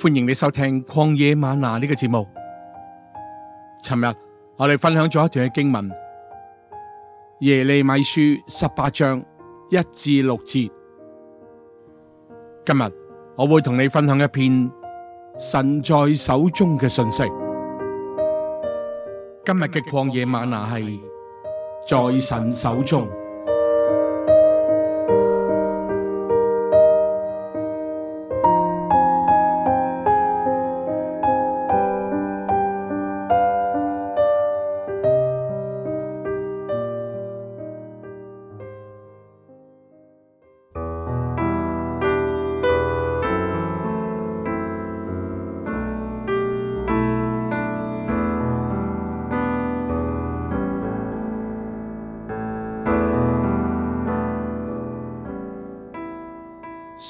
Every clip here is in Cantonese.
歡迎你收聽《曠野嗎哪》呢、這個節目。尋日我哋分享咗一段嘅經文，耶利米書十八章一至六節。今日我會同你分享一篇神在手中嘅信息。今日嘅曠野嗎哪係在神手中。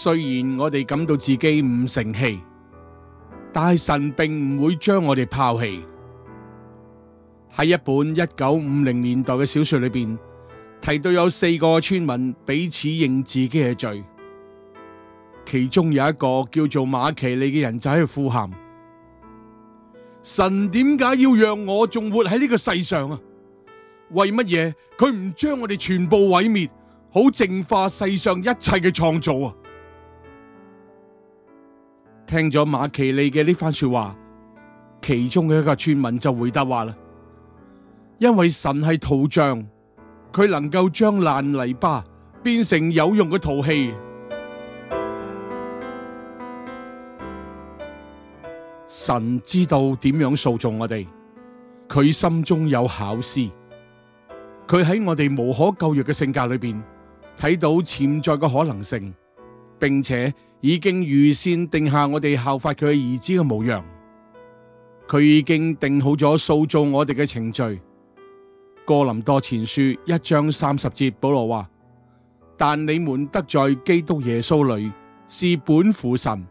雖然我哋感到自己唔成器，但係神並唔會將我哋拋棄。喺一本一九五零年代嘅小說裏邊提到，有四個村民彼此認自己嘅罪，其中有一個叫做馬奇里嘅人就喺度呼喊：神點解要讓我仲活喺呢個世上啊？為乜嘢佢唔將我哋全部毀滅，好淨化世上一切嘅創造啊？聽咗馬奇利嘅呢番說話，其中嘅一個村民就回答話啦：因為神係陶匠，佢能夠將爛泥巴變成有用嘅陶器。神知道點樣塑造我哋，佢心中有巧思，佢喺我哋無可救藥嘅性格裏邊睇到潛在嘅可能性，並且，已經預先定下我哋效法佢兒子嘅模樣，佢已經定好咗塑造我哋嘅程序。哥林多前書一章三十節，保羅話：但你們得在基督耶穌裏是本乎神，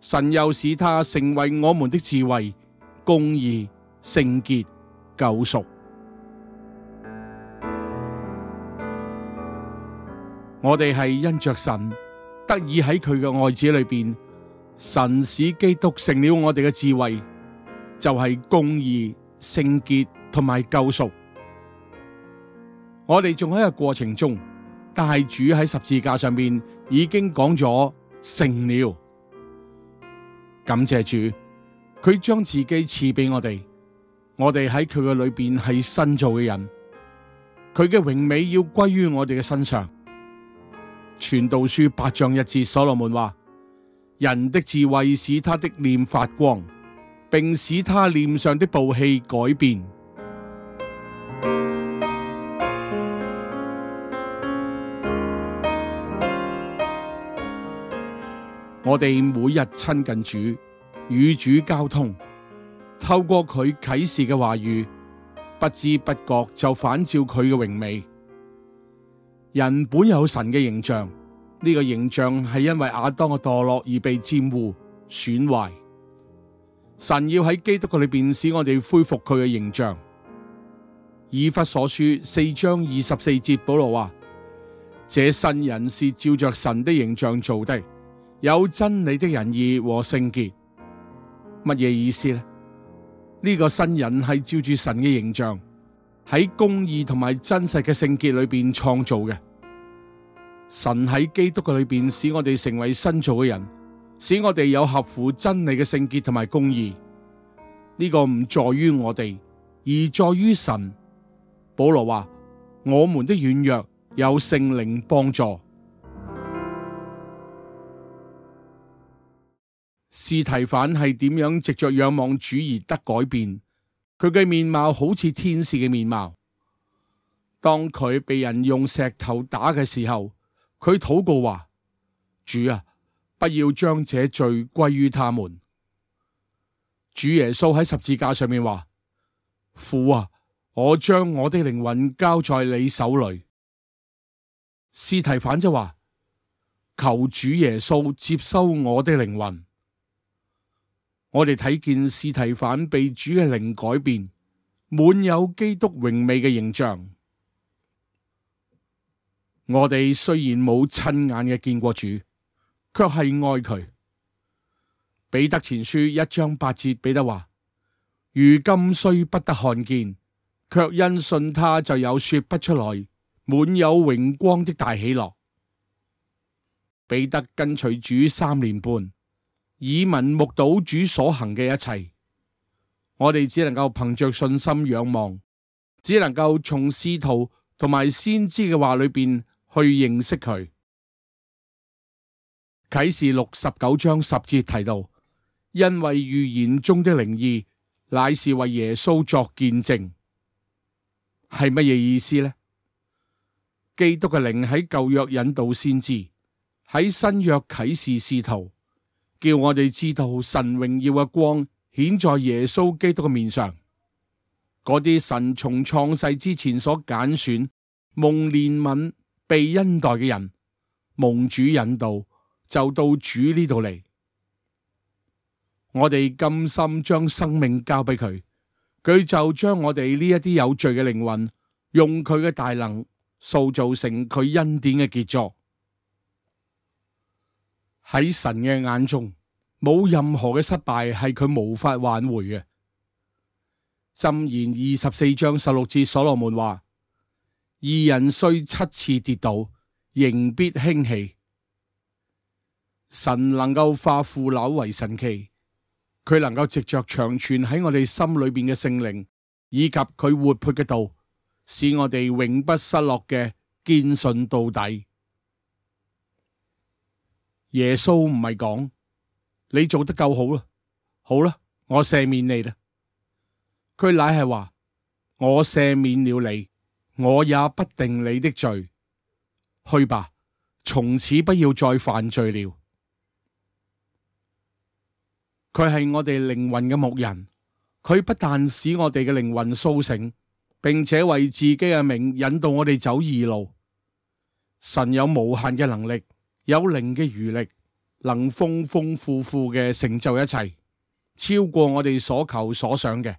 神又使他成為我們的智慧、公義、聖潔、救贖。我哋係因着神，得以喺佢嘅愛子裏邊，神使基督成了我哋嘅智慧，就係公義、聖潔同埋救贖。我哋仲喺個過程中，但係主喺十字架上邊已經講咗成了。感謝主，佢將自己賜俾我哋，我哋喺佢嘅裏邊係新造嘅人，佢嘅榮美要歸於我哋嘅身上。傳道書八章一節，所羅門話：人的智慧使他的臉發光，並使他臉上的暴氣改變。 我哋每日親近主，與主交通，透過佢啟示嘅話語，不知不覺就反照佢嘅榮美。人本有神嘅形象，呢個形象係因為亞當嘅墮落而被玷污、損壞。神要喺基督裏邊使我哋恢復佢嘅形象。以弗所書四章二十四節，保羅話：這新人是照着神的形象做的，有真理的仁義和聖潔。乜嘢意思呢？呢個新人係照住神嘅形象喺公義同埋真實嘅聖潔裏邊創造嘅。神喺基督嘅裏邊，使我哋成為新造嘅人，使我哋有合乎真理嘅聖潔同埋公義。呢、這個唔在於我哋，而在於神。保羅話：我們的軟弱有聖靈幫助。士提反係點樣藉着仰望主而得改變？佢嘅面貌好似天使嘅面貌。當佢被人用石頭打嘅時候，佢禱告話：主啊，不要將這罪歸於他們。主耶穌喺十字架上面話：父啊，我將我的靈魂交在你手裏。司提反就話：求主耶穌接收我的靈魂。我哋睇見司提反被主嘅靈改變，滿有基督榮美嘅形象。我哋雖然冇親眼嘅見過主，却係愛佢。彼得前書一章八節，彼得話：如今雖不得看見，却因信他就有說不出來、滿有榮光的大喜樂。彼得跟隨主三年半，以民目睹主所行嘅一切，我哋只能夠憑着信心仰望，只能夠從使徒同埋先知嘅話裏邊。去認識佢。啟示錄十九章十節提到，因為預言中的靈意乃是為耶穌作見證，係乜嘢意思呢？基督嘅靈喺舊約引導先知，喺新約啟示使徒，叫我哋知道神榮耀嘅光顯在耶穌基督嘅面上。嗰啲神從創世之前所揀選、蒙憐憫。被恩待嘅人，蒙主引導，就到主呢度嚟。我哋甘心將生命交俾佢，佢就將我哋呢一啲有罪嘅靈魂，用佢嘅大能塑造成佢恩典嘅傑作。喺神嘅眼中，冇任何嘅失敗係佢無法挽回嘅。箴言二十四章十六節，所羅門話。二人雖七次跌倒，仍必興起。神能夠化腐朽為神奇，佢能夠藉着長存喺我哋心裏邊嘅聖靈，以及佢活潑嘅道，使我哋永不失落嘅，堅信到底。耶穌唔係講，你做得夠好啦，好啦，我赦免你啦。佢乃係話，我赦免了你。我也不定你的罪，去吧，從此不要再犯罪了。佢係我哋靈魂嘅牧人，佢不但使我哋嘅靈魂甦醒，並且為自己嘅名引導我哋走義路。神有無限嘅能力，有靈嘅餘力，能豐豐富富嘅成就一切，超過我哋所求所想嘅。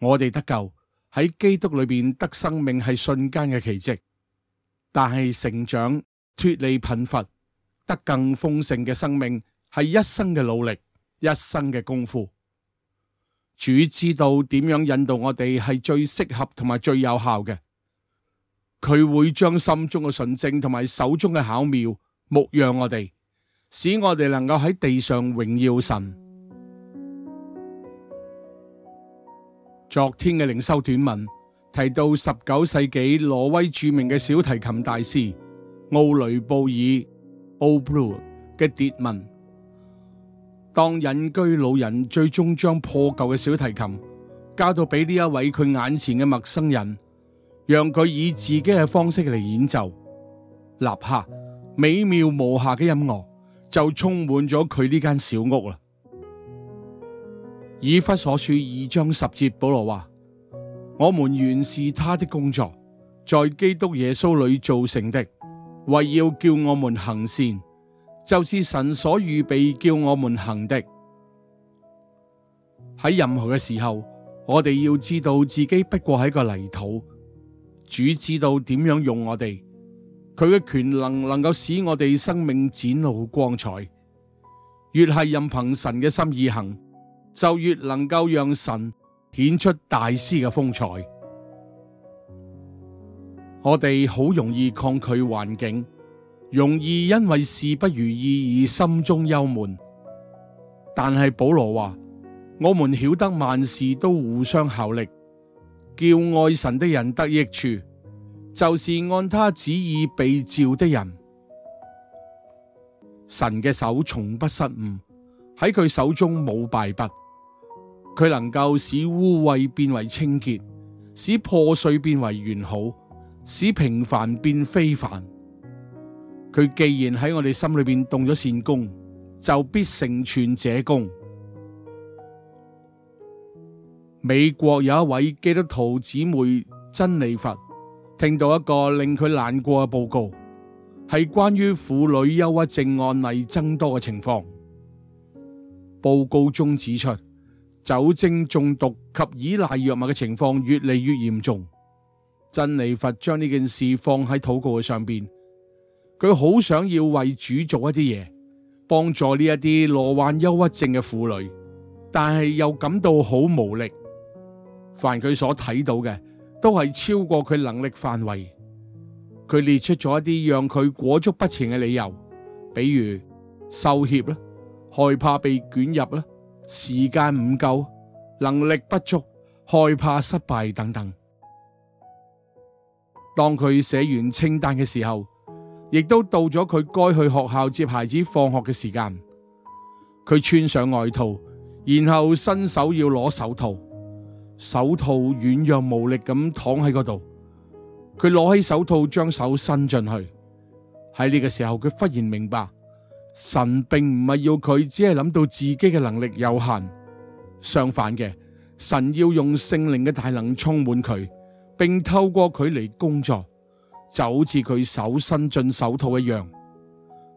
我哋得救。喺基督裏邊得生命係瞬間嘅奇蹟，但係成長脫離貧乏得更豐盛嘅生命係一生嘅努力，一生嘅功夫。主知道點樣引導我哋係最適合同埋最有效嘅，佢會將心中嘅純正同埋手中嘅巧妙牧養我哋，使我哋能夠喺地上榮耀神。昨天嘅靈修短文提到十九世紀挪威著名嘅小提琴大師奧雷布爾奧布魯嘅跌文，當隱居老人最終將破舊嘅小提琴交到俾呢一位佢眼前嘅陌生人，讓佢以自己嘅方式嚟演奏，立刻美妙無瑕嘅音樂就充滿咗佢呢間小屋啦。以弗所書二章十節，保羅話：我們原是他的工作，在基督耶穌裏造成的，為要叫我們行善，就是神所預備叫我們行的。喺任何嘅時候，我哋要知道自己不過係一個泥土，主知道點樣用我哋，佢嘅權能能夠使我哋生命展露光彩，越係任憑神嘅心意行。就越能夠讓神顯出大師嘅風采。我哋好容易抗拒環境，容易因為事不如意而心中憂悶。但係保羅話：我們曉得萬事都互相效力，叫愛神的人得益處，就是按他旨意被召的人。神嘅手從不失誤，喺佢手中冇敗筆。佢能夠使污穢變為清潔，使破碎變為完好，使平凡變非凡。佢既然喺我哋心裏邊動咗善功，就必成全這功。美國有一位基督徒姊妹珍妮佛，聽到一個令佢難過嘅報告，係關於婦女憂鬱症案例增多嘅情況。報告中指出。酒精中毒及依賴藥物嘅情況越嚟越嚴重。真理佛將呢件事放喺禱告嘅上邊，佢好想要為主做一啲嘢，幫助呢一啲罹患憂鬱症嘅婦女，但係又感到好無力。凡佢所睇到嘅，都係超過佢能力範圍。佢列出咗一啲讓佢裹足不前嘅理由，比如受脅啦，害怕被捲入啦。時間唔夠，能力不足，害怕失敗等等。當佢寫完清單嘅時候，亦都到咗佢該去學校接孩子放學嘅時間。佢穿上外套，然後伸手要攞手套，手套軟弱無力咁躺喺嗰度。佢攞起手套，將手伸進去。喺呢個時候，佢忽然明白。神並唔係要佢只係諗到自己嘅能力有限。相反嘅，神要用聖靈嘅大能充滿佢，並透過佢嚟工作，就好似佢手伸進手套一樣。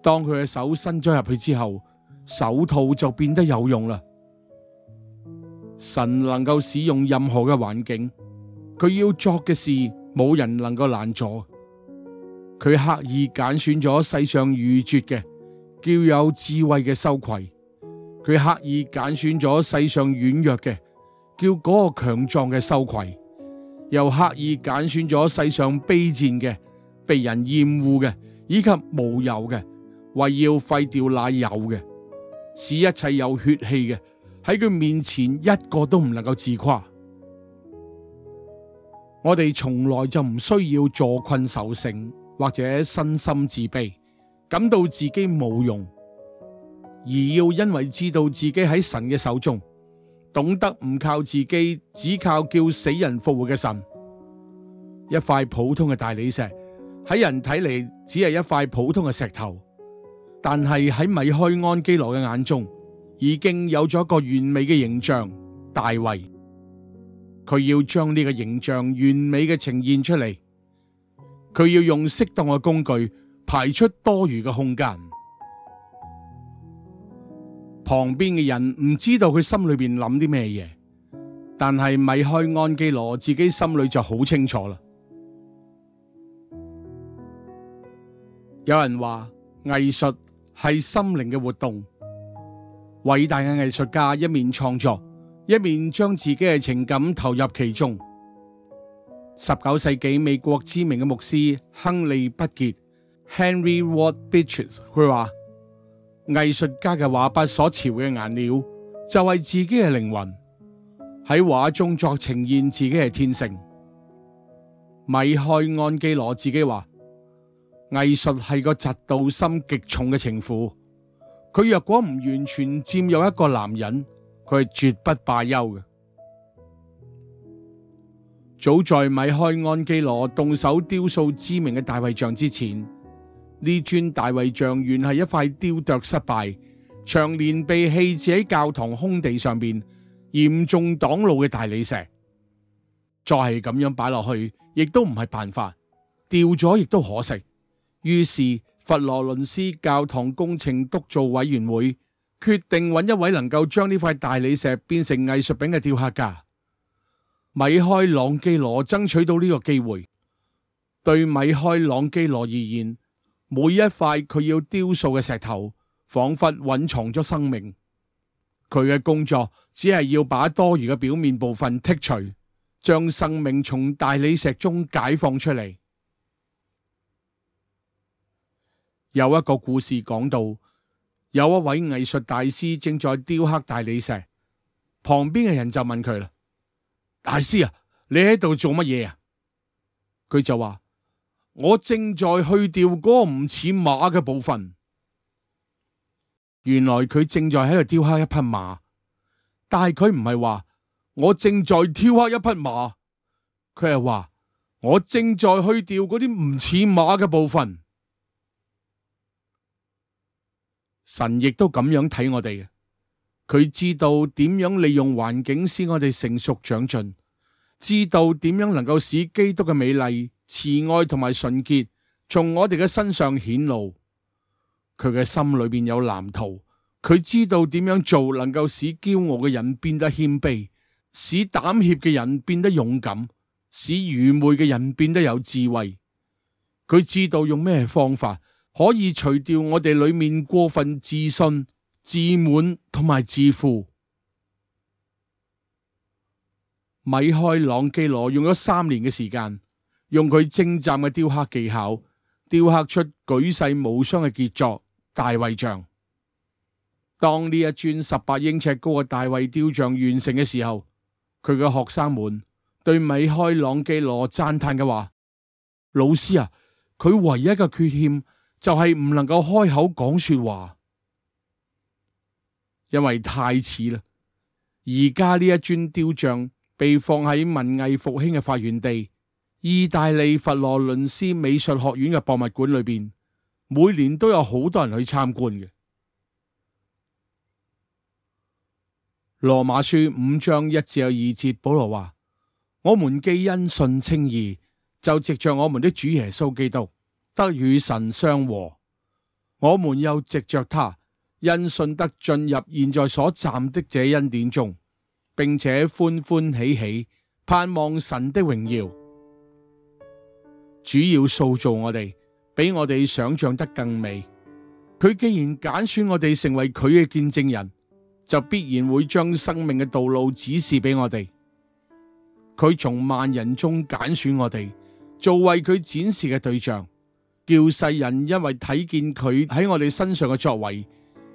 當佢嘅手伸咗入去之後，手套就變得有用啦。神能夠使用任何嘅環境，佢要做嘅事冇人能夠攔阻。佢刻意揀選咗世上愚拙嘅，叫有智慧嘅羞愧，佢刻意揀選咗世上軟弱嘅，叫嗰個強壯嘅羞愧，又刻意揀選咗世上卑賤嘅、被人厭惡嘅以及無有嘅，為要廢掉那有嘅，使一切有血氣嘅喺佢面前一個都唔能夠自誇。我哋從來就唔需要坐困愁城或者身心自卑。感到自己冇用，而要因為知道自己喺神嘅手中，懂得唔靠自己，只靠叫死人復活嘅神。一塊普通嘅大理石喺人睇嚟只係一塊普通嘅石頭，但係喺米開安基羅嘅眼中已經有咗一個完美嘅形象——大衛。佢要將呢個形象完美嘅呈現出嚟，佢要用適當嘅工具。排出多餘嘅空間，旁邊嘅人唔知道佢心裏邊諗啲咩嘢，但係米開安基羅自己心裏就好清楚啦。有人話藝術係心靈嘅活動，偉大嘅藝術家一面創作，一面將自己嘅情感投入其中。十九世紀美國知名嘅牧師亨利不杰。Henry Ward Beecher 佢話：藝術家嘅畫筆所持嘅顏料就係自己嘅靈魂，喺畫中作呈現自己嘅天性。米開安基羅自己話：藝術係個嫉妒心極重嘅情婦，佢若果唔完全佔有一個男人，佢係絕不罷休嘅。早在米開安基羅動手雕塑知名嘅大衛像之前。呢尊大衛像原係一塊雕琢失敗、長年被棄置喺教堂空地上邊、嚴重擋路嘅大理石。再係咁樣擺落去，亦都唔係辦法。掉咗亦都可惜。於是佛羅倫斯教堂工程督造委員會決定揾一位能夠將呢塊大理石變成藝術品嘅雕刻家。米開朗基羅爭取到呢個機會，對米開朗基羅而言。每一塊佢要雕塑嘅石頭，仿佛蘊藏咗生命。佢嘅工作只係要把多餘嘅表面部分剔除，將生命從大理石中解放出嚟。有一個故事講到，有一位藝術大師正在雕刻大理石，旁邊嘅人就問佢啦：「大師啊，你喺度做乜嘢啊？」佢就話：我正在去掉嗰個唔似馬嘅部分。原來佢正在喺度雕刻一匹馬，但係佢唔係話我正在雕刻一匹馬，佢係話我正在去掉嗰啲唔似馬嘅部分。神亦都咁樣睇我哋，佢知道點樣利用環境使我哋成熟長進，知道點樣能夠使基督嘅美麗。慈愛同埋純潔從我哋嘅身上顯露，佢嘅心裏邊有藍圖，佢知道點樣做能夠使驕傲嘅人變得謙卑，使膽怯嘅人變得勇敢，使愚昧嘅人變得有智慧。佢知道用咩方法可以除掉我哋裏面過分自信、自滿同埋自負。米開朗基羅用咗三年嘅時間。用佢精湛嘅雕刻技巧，雕刻出舉世無雙嘅傑作《大衛像》。當呢一尊十八英尺高嘅大衛雕像完成嘅時候，佢嘅學生們對米開朗基羅讚嘆嘅話：老師啊，佢唯一嘅缺陷就係唔能夠開口講說話，因為太似啦。而家呢一尊雕像被放喺文藝復興嘅發源地。意大利佛羅倫斯美術學院嘅博物館裏邊，每年都有好多人去參觀嘅。羅馬書五章一至二節，保羅話：我們既因信稱義，就藉着我們的主耶穌基督得與神相和。我們又藉着他因信得進入現在所站的這恩典中，並且歡歡喜喜盼望神的榮耀。主要塑造我哋，比我哋想象得更美。佢既然揀選我哋成為佢嘅見證人，就必然會將生命嘅道路指示俾我哋。佢從萬人中揀選我哋，做為佢展示嘅對象，叫世人因為睇見佢喺我哋身上嘅作為，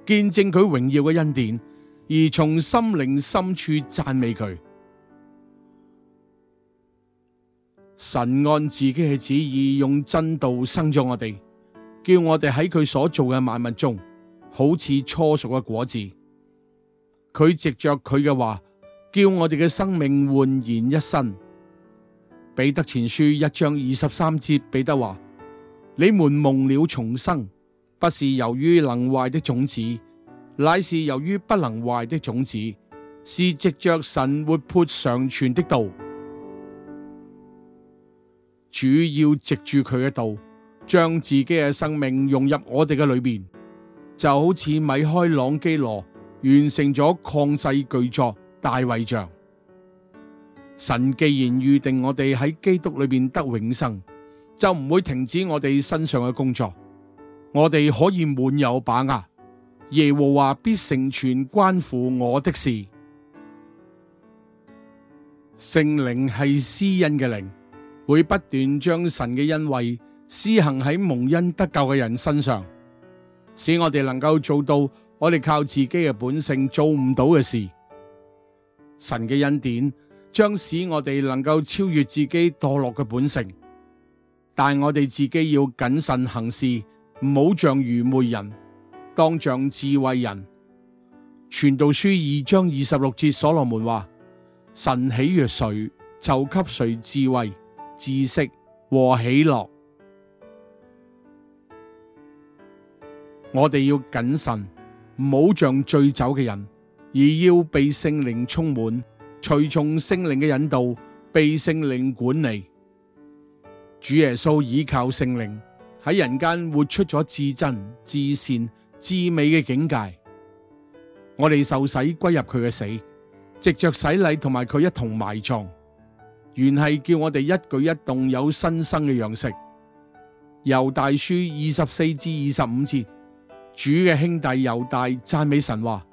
見證佢榮耀嘅恩典，而從心靈深處讚美佢。神按自己嘅旨意用真道生咗我哋，叫我哋喺佢所做嘅萬物中，好似初熟嘅果子。佢藉着佢嘅話，叫我哋嘅生命煥然一新。彼得前書一章二十三節，彼得話：你們蒙了重生，不是由於能壞的種子，乃是由於不能壞的種子，是藉着神活潑常存的道。主要藉住佢嘅道，將自己嘅生命融入我哋嘅裏邊，就好似米開朗基羅完成咗曠世巨作《大衛像》。神既然預定我哋喺基督裏邊得永生，就唔會停止我哋身上嘅工作。我哋可以滿有把握，耶和華必成全關乎我的事。聖靈係施恩嘅靈。會不斷將神嘅恩惠施行喺蒙恩得救嘅人身上，使我哋能夠做到我哋靠自己嘅本性做唔到嘅事。神嘅恩典將使我哋能夠超越自己墮落嘅本性，但我哋自己要謹慎行事，唔好像愚昧人，當像智慧人。傳道書二章二十六節，所羅門話：神喜悦誰就給誰智慧，知識和喜樂，我哋要謹慎，唔好像醉酒嘅人，而要被聖靈充滿，隨從聖靈嘅引導，被聖靈管理。主耶穌依靠聖靈喺人間活出咗至真、至善、至美嘅境界。我哋受洗歸入佢嘅死，藉着洗禮同埋佢一同埋葬。原係叫我哋一舉一動有新生嘅樣式。猶大書二十四至二十五節，主嘅兄弟猶大讚美神話：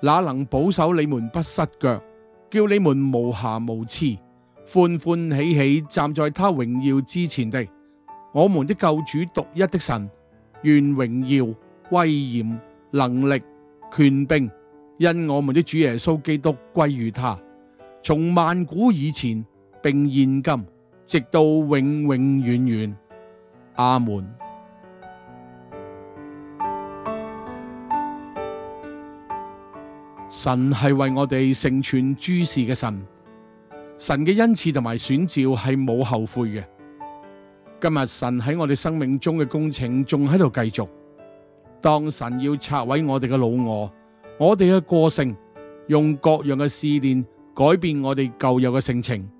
那能保守你們不失腳，叫你們無瑕無疵，歡歡喜喜站在他榮耀之前的，我們的救主獨一的神，願榮耀、威嚴、能力、權柄，因我們的主耶穌基督歸於他。從萬古以前。並現今，直到永永遠遠。阿門。神係為我哋成全諸事嘅神，神嘅恩賜同埋選召係冇後悔嘅。今日神喺我哋生命中嘅工程仲喺度繼續。當神要拆毀我哋嘅老我，我哋嘅個性，用各樣嘅試煉改變我哋舊有嘅性情。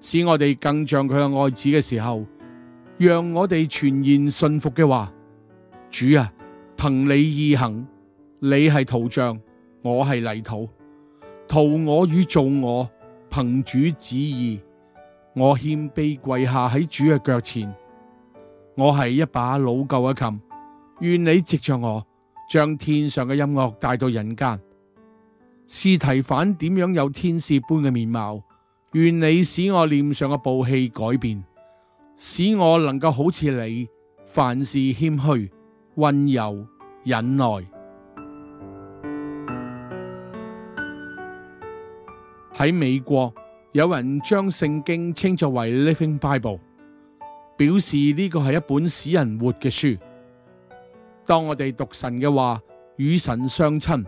使我哋更像佢嘅愛子嘅時候，讓我哋全然信服嘅話，主啊，憑你意行，你係陶匠，我係泥土，陶我與造我，憑主旨意，我謙卑跪下喺主嘅腳前，我係一把老舊嘅琴，願你藉着我，將天上嘅音樂帶到人間，司提反點樣有天使般嘅面貌？願你使我臉上嘅暴氣改變，使我能夠好似你，凡事謙虛、温柔、忍耐。喺 美國，有人將聖經稱作為 Living Bible，表示呢個係一本使人活嘅書。當我哋讀神嘅話，與神相親，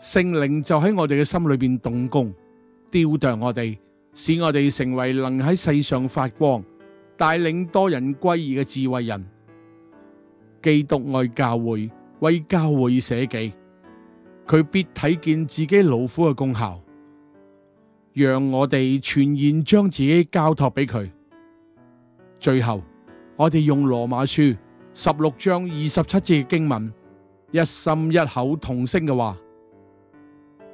聖靈就喺我哋嘅心裏邊動工，雕琢我哋。使我哋成為能喺世上發光、帶領多人歸義嘅智慧人。基督愛教會，為教會捨己，佢必睇見自己勞苦嘅功效。讓我哋全然將自己交託俾佢。最後，我哋用羅馬書十六章二十七節嘅經文，一心一口同聲嘅話：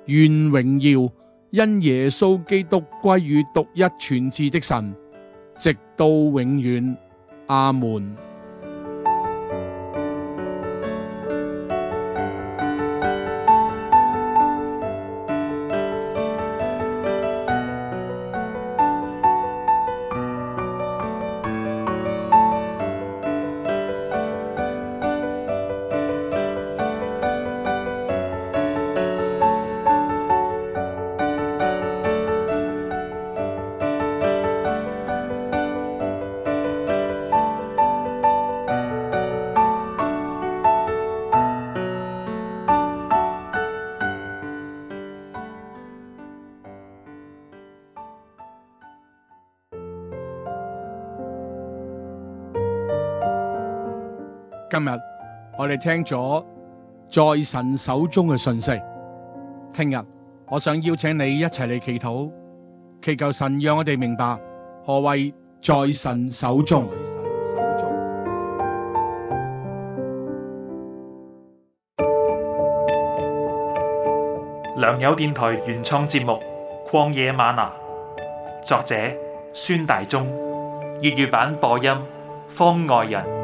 願榮耀。因耶穌基督歸於獨一全智的神，直到永遠。阿門。今日我哋聽咗在神手中嘅訊息，聽日我想邀請你一齊嚟祈禱，祈求神讓我哋明白何謂在神手中。良友電台原創節目《曠野嗎哪》，作者孫大中，粵語版播音方外人。